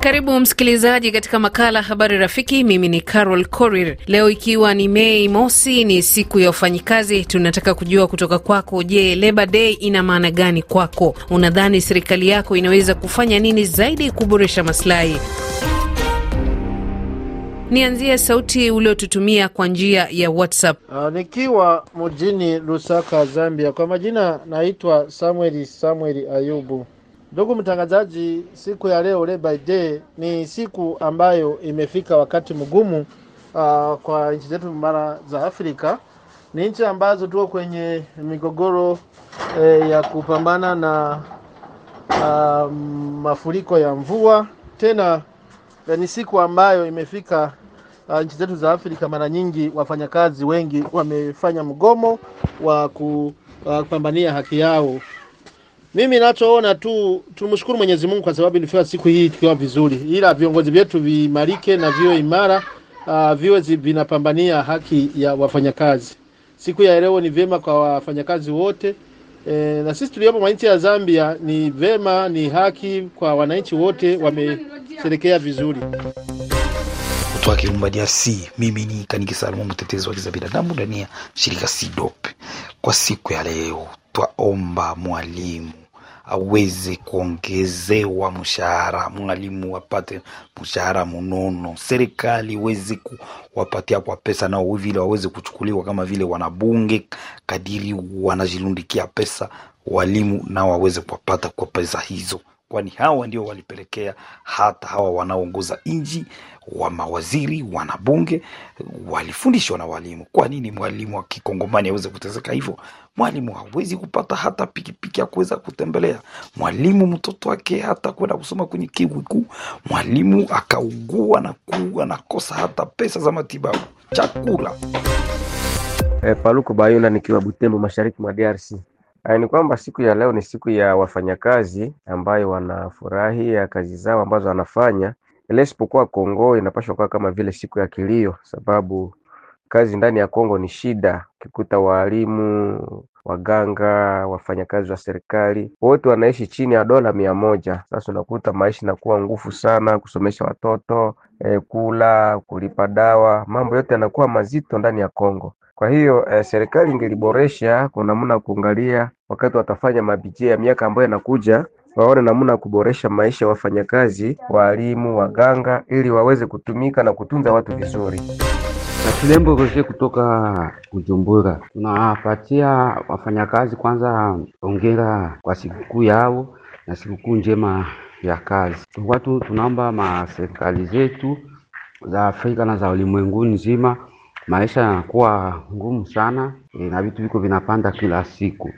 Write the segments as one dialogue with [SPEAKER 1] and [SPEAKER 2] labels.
[SPEAKER 1] Karibu msikilizaji katika makala habari rafiki. Mimi ni Carol Korir. Leo ikiwa ni Mei Mosi, ni siku ya wafanyikazi, tunataka kujua kutoka kwako. Je, Labor Day ina maana gani kwako? Unadhani serikali yako inaweza kufanya nini zaidi kuboresha masilahi? Nianzie sauti uliotutumia kwa njia ya WhatsApp. Uh, nikiwa mjini Lusaka, Zambia. Kwa majina naitwa Samueli Samueli Ayubu.
[SPEAKER 2] Ndugu mtangazaji, siku ya leo Labor Day ni siku ambayo imefika wakati mgumu uh, kwa nchi zetu mara za Afrika. Ni nchi ambazo tuko kwenye migogoro eh, ya kupambana na uh, mafuriko ya mvua. Tena eh, ni siku ambayo imefika uh, nchi zetu za Afrika, mara nyingi wafanyakazi wengi wamefanya mgomo wa kupambania haki yao. Mimi nachoona tu tumshukuru Mwenyezi Mungu kwa sababu ilifika siku hii tukiwa vizuri, ila viongozi vyetu vimarike na viwe imara, uh, viwe vinapambania haki ya wafanyakazi. Siku ya leo ni vema kwa wafanyakazi wote e, na sisi tuliopo mwanchi ya Zambia ni vema, ni haki kwa wananchi wote, wamesherekea vizuri kutoka Kirumba DRC. Mimi ni Kaniki Salma, mtetezi wa haki za binadamu ndani ya shirika SIDOP. Kwa siku ya leo twaomba mwalimu aweze kuongezewa mshahara, mwalimu wapate mshahara munono, serikali iweze kuwapatia kwa pesa, nao vile waweze kuchukuliwa kama vile wanabunge, kadiri wanajilundikia pesa, walimu nao waweze kuwapata kwa pesa hizo, kwani hawa ndio walipelekea hata hawa wanaoongoza nchi wa mawaziri, wanabunge walifundishwa na walimu. Kwa nini mwalimu wa kikongomani aweze kuteseka hivyo? Mwalimu hawezi kupata hata pikipiki ya kuweza kutembelea, mwalimu mtoto wake hata kwenda kusoma kwenye kiwikuu, mwalimu akaugua na kuua nakosa hata pesa za matibabu, chakula. E, Paluku bayula nikiwa Butembo, mashariki mwa DRC. Eh, ni kwamba siku ya leo ni siku ya wafanyakazi ambayo wanafurahia kazi zao ambazo wanafanya Leo isipokuwa Kongo inapashwa kuwa kama vile siku ya kilio, sababu kazi ndani ya Kongo ni shida. Ukikuta waalimu, waganga, wafanyakazi wa serikali wote wanaishi chini ya dola mia moja. Sasa unakuta maisha inakuwa ngufu sana, kusomesha watoto eh, kula, kulipa dawa, mambo yote yanakuwa mazito ndani ya Kongo. Kwa hiyo eh, serikali ingeliboresha kwa namna kuangalia wakati watafanya mabijia ya miaka ambayo yanakuja waone namna kuboresha maisha ya wafanyakazi, walimu, waganga ili waweze kutumika na kutunza watu vizuri. Na Kilembo Roje kutoka Kujumbura, tunawapatia wafanyakazi kwanza ongera kwa sikukuu yao na sikukuu njema ya kazi. Watu tunaomba maserikali zetu za Afrika na za ulimwengu nzima, maisha yanakuwa ngumu sana e, na vitu viko vinapanda kila siku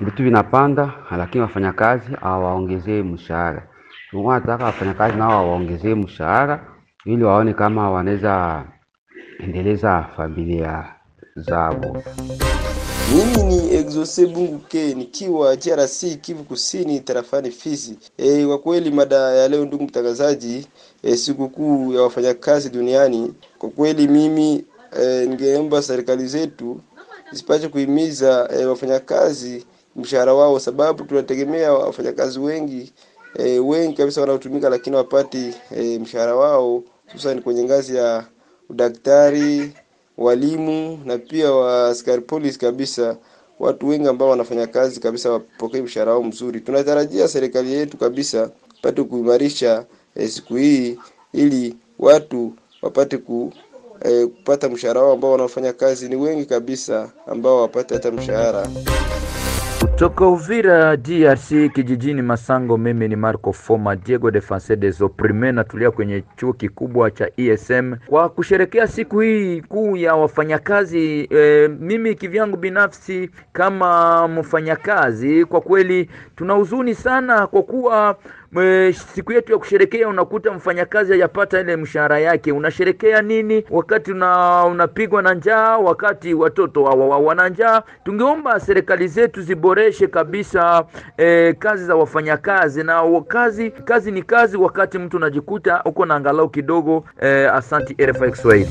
[SPEAKER 2] vitu vinapanda, lakini wafanyakazi hawaongezee mshahara. Tunataka wafanyakazi nao waongezee mshahara ili waone kama wanaweza endeleza familia zao.
[SPEAKER 3] Mimi ni Exose Bunguke nikiwa DRC Kivu Kusini tarafani Fizi. E, kwa kweli mada ya leo ndugu mtangazaji, e, sikukuu ya wafanyakazi duniani. Kwa kweli mimi e, ningeomba serikali zetu zipate kuhimiza e, wafanyakazi mshahara wao, sababu tunategemea wafanyakazi wengi e, wengi kabisa wanaotumika, lakini wapati e, eh, mshahara wao, hususan kwenye ngazi ya udaktari, walimu na pia askari polisi kabisa watu wengi ambao wanafanya kazi kabisa wapokee mshahara wao mzuri. Tunatarajia serikali yetu kabisa pate kuimarisha e, siku hii ili watu wapate ku, e, kupata mshahara wao ambao wanaofanya kazi ni wengi kabisa ambao wapate hata mshahara Toka Uvira DRC kijijini Masango, mimi ni Marco Foma Diego de des Opprimes, na tulia kwenye chuo kikubwa cha ESM kwa kusherekea siku hii kuu ya wafanyakazi. E, mimi kivyangu binafsi kama mfanyakazi, kwa kweli tuna huzuni sana kwa kuwa siku yetu ya kusherekea, unakuta mfanyakazi hajapata ile mshahara yake. Unasherekea nini wakati una, unapigwa na njaa, wakati watoto hawa wana njaa? Tungeomba serikali zetu ziboreshe kabisa eh, kazi za wafanyakazi na kazi, kazi ni kazi, wakati mtu unajikuta uko na angalau kidogo eh, asanti RFI Kiswahili.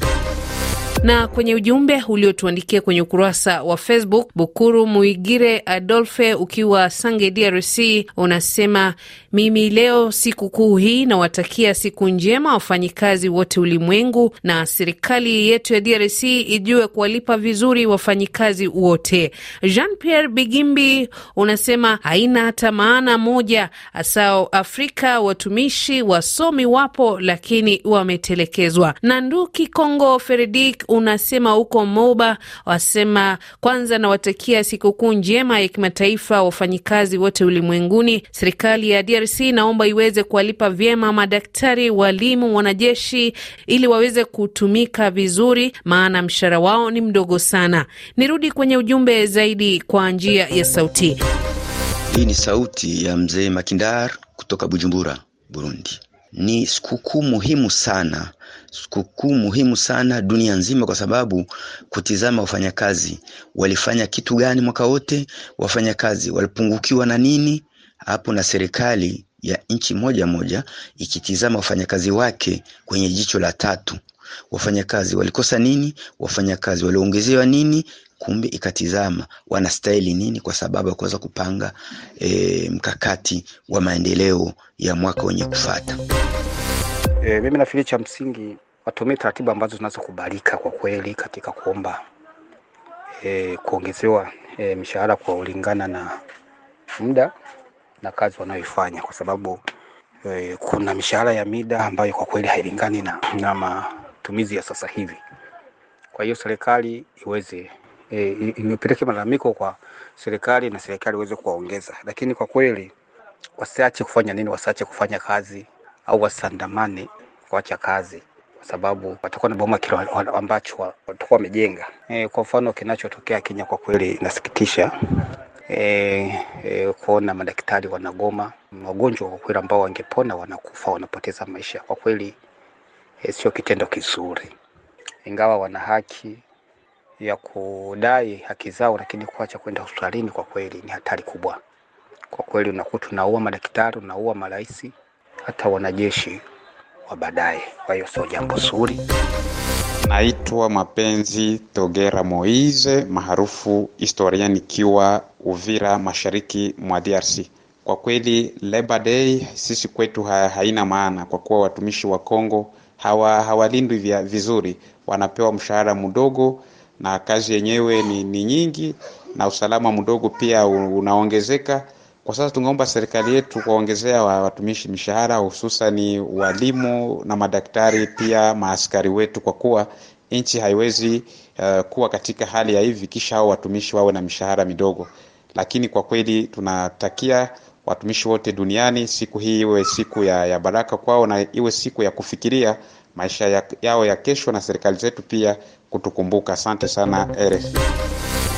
[SPEAKER 1] Na kwenye ujumbe uliotuandikia kwenye ukurasa wa Facebook, Bukuru Muigire Adolfe ukiwa Sange, DRC, unasema mimi leo sikukuu hii nawatakia siku njema wafanyikazi wote ulimwengu, na serikali yetu ya DRC ijue kuwalipa vizuri wafanyikazi wote. Jean Pierre Bigimbi unasema haina hata maana moja, asao Afrika watumishi wasomi wapo, lakini wametelekezwa. Nanduki Kongo Feredik unasema huko Moba, wasema kwanza nawatakia sikukuu njema ya kimataifa wafanyikazi wote ulimwenguni. Serikali ya DRC naomba iweze kuwalipa vyema madaktari, walimu, wanajeshi ili waweze kutumika vizuri, maana mshahara wao ni mdogo sana. Nirudi kwenye ujumbe zaidi kwa njia ya sauti.
[SPEAKER 3] Hii ni sauti ya mzee Makindar kutoka Bujumbura, Burundi ni sikukuu muhimu sana, sikukuu muhimu sana dunia nzima, kwa sababu kutizama wafanyakazi walifanya kitu gani mwaka wote, wafanyakazi walipungukiwa na nini hapo, na serikali ya nchi moja moja ikitizama wafanyakazi wake kwenye jicho la tatu, wafanyakazi walikosa nini, wafanyakazi waliongezewa nini kumbe ikatizama wanastahili nini, kwa sababu ya kuweza kupanga e, mkakati wa maendeleo ya mwaka wenye kufata.
[SPEAKER 2] E, eh, mimi nafikiri cha msingi watumie taratibu ambazo zinazokubalika kwa kweli katika kuomba e, kuongezewa e, mishahara kwa ulingana na muda na kazi wanayoifanya kwa sababu e, kuna mishahara ya mida ambayo kwa kweli hailingani na, na matumizi ya sasa hivi. Kwa hiyo serikali iweze e, imepeleke malalamiko kwa serikali na serikali iweze kuwaongeza, lakini kwa kweli wasiache kufanya nini, wasiache kufanya kazi au wasandamane kuacha kazi kwa sababu watakuwa na boma kile ambacho watakuwa wamejenga. E, kwa mfano kinachotokea Kenya kwa kweli inasikitisha. E, e, kuona madaktari wanagoma, wagonjwa kwa kweli ambao wangepona wanakufa, wanapoteza maisha. Kwa kweli e, sio kitendo kizuri, ingawa wana haki ya kudai haki zao, lakini kuacha kwenda hospitalini kwa kweli ni hatari kubwa. Kwa kweli unakuta tunaua madaktari, unaua marais, hata wanajeshi wa baadaye. Kwa hiyo sio jambo zuri. Naitwa Mapenzi Togera Moize maarufu historia, nikiwa Uvira, mashariki mwa DRC. Kwa kweli Labor Day sisi kwetu ha, haina maana kwa kuwa watumishi wa Kongo hawa hawalindwi vizuri, wanapewa mshahara mdogo na kazi yenyewe ni, ni nyingi na usalama mdogo pia unaongezeka. Kwa sasa tungeomba serikali yetu kuongezea watumishi mishahara, hususani walimu na madaktari, pia maaskari wetu, kwa kuwa nchi haiwezi uh, kuwa katika hali ya hivi kisha hao watumishi wawe na mishahara midogo. Lakini kwa kweli tunatakia watumishi wote duniani siku hii iwe siku ya, ya baraka kwao na iwe siku ya kufikiria maisha ya, yao ya kesho, na serikali zetu pia kutukumbuka. Asante sana RFI.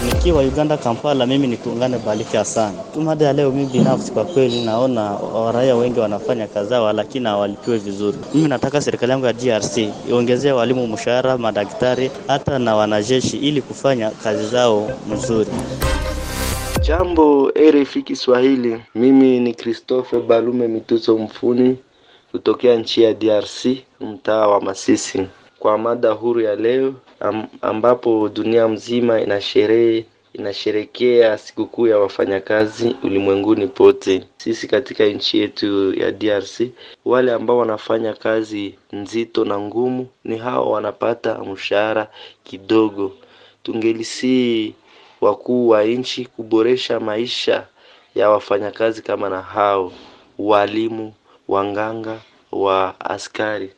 [SPEAKER 3] Nikiwa Uganda Kampala, mimi ni kuungane Balika sana tumada Mada ya leo, mimi binafsi kwa kweli naona raia wengi wanafanya kazi zao, lakini hawalipiwe vizuri. Mimi nataka serikali yangu ya DRC iongezee walimu mshahara, madaktari, hata na wanajeshi ili kufanya kazi zao mzuri. Jambo RFI Kiswahili, mimi ni Christophe Balume Mituso Mfuni kutokea nchi ya DRC, mtaa wa Masisi kwa mada huru ya leo am, ambapo dunia mzima inasherehe inasherekea sikukuu ya wafanyakazi ulimwenguni pote. Sisi katika nchi yetu ya DRC, wale ambao wanafanya kazi nzito na ngumu ni hao wanapata mshahara kidogo. Tungelisii wakuu wa nchi kuboresha maisha ya wafanyakazi kama na hao walimu, wanganga, wa askari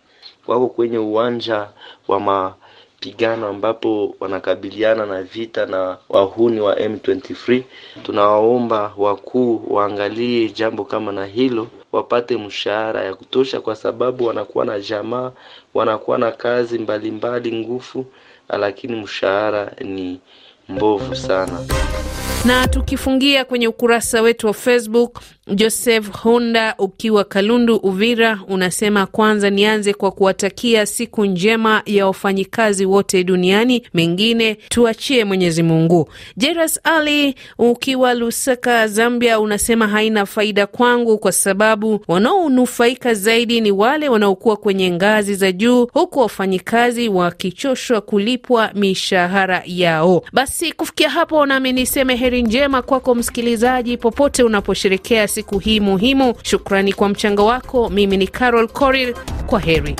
[SPEAKER 3] wako kwenye uwanja wa mapigano ambapo wanakabiliana na vita na wahuni wa M23. Tunawaomba wakuu waangalie jambo kama na hilo, wapate mshahara ya kutosha, kwa sababu wanakuwa na jamaa, wanakuwa na kazi mbalimbali ngufu, lakini mshahara ni mbovu sana.
[SPEAKER 1] Na tukifungia kwenye ukurasa wetu wa Facebook Joseph Honda ukiwa Kalundu Uvira unasema kwanza nianze kwa kuwatakia siku njema ya wafanyikazi wote duniani, mengine tuachie Mwenyezi Mungu. Jeras Ali ukiwa Lusaka Zambia unasema haina faida kwangu kwa sababu wanaonufaika zaidi ni wale wanaokuwa kwenye ngazi za juu, huku wafanyikazi wakichoshwa kulipwa mishahara yao. Basi kufikia hapo, nami niseme heri njema kwako msikilizaji, popote unaposherekea siku hii muhimu. Shukrani kwa mchango wako. Mimi ni Carol Korir, kwa heri.